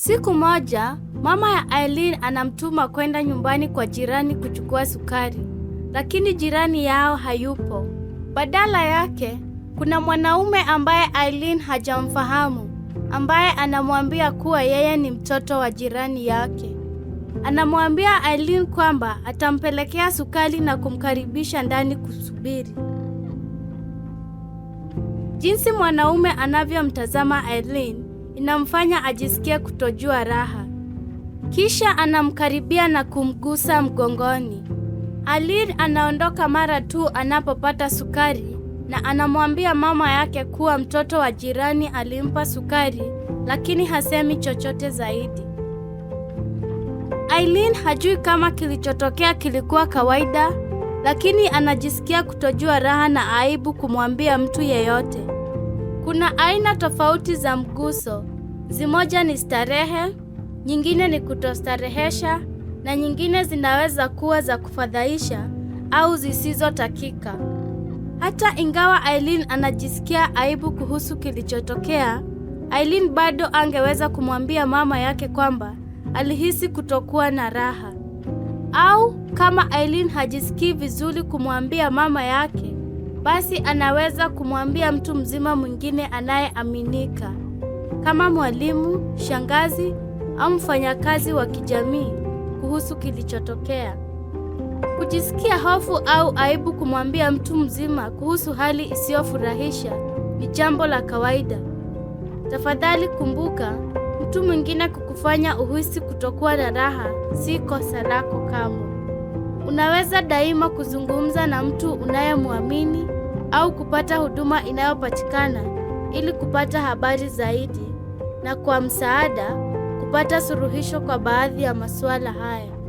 Siku moja mama ya Aileen anamtuma kwenda nyumbani kwa jirani kuchukua sukari, lakini jirani yao hayupo. Badala yake kuna mwanaume ambaye Aileen hajamfahamu ambaye anamwambia kuwa yeye ni mtoto wa jirani yake. Anamwambia Aileen kwamba atampelekea sukari na kumkaribisha ndani kusubiri. Jinsi mwanaume anavyomtazama Aileen inamfanya ajisikie kutojua raha. Kisha anamkaribia na kumgusa mgongoni. Alir anaondoka mara tu anapopata sukari na anamwambia mama yake kuwa mtoto wa jirani alimpa sukari, lakini hasemi chochote zaidi. Aileen hajui kama kilichotokea kilikuwa kawaida, lakini anajisikia kutojua raha na aibu kumwambia mtu yeyote. Kuna aina tofauti za mguso. Zimoja ni starehe, nyingine ni kutostarehesha na nyingine zinaweza kuwa za kufadhaisha au zisizotakika. Hata ingawa Aileen anajisikia aibu kuhusu kilichotokea, Aileen bado angeweza kumwambia mama yake kwamba alihisi kutokuwa na raha. Au kama Aileen hajisikii vizuri kumwambia mama yake, basi anaweza kumwambia mtu mzima mwingine anayeaminika kama mwalimu, shangazi au mfanyakazi wa kijamii kuhusu kilichotokea. Kujisikia hofu au aibu kumwambia mtu mzima kuhusu hali isiyofurahisha ni jambo la kawaida. Tafadhali kumbuka, mtu mwingine kukufanya uhisi kutokuwa na raha si kosa lako kamwe. Unaweza daima kuzungumza na mtu unayemwamini au kupata huduma inayopatikana ili kupata habari zaidi na kwa msaada kupata suluhisho kwa baadhi ya masuala haya.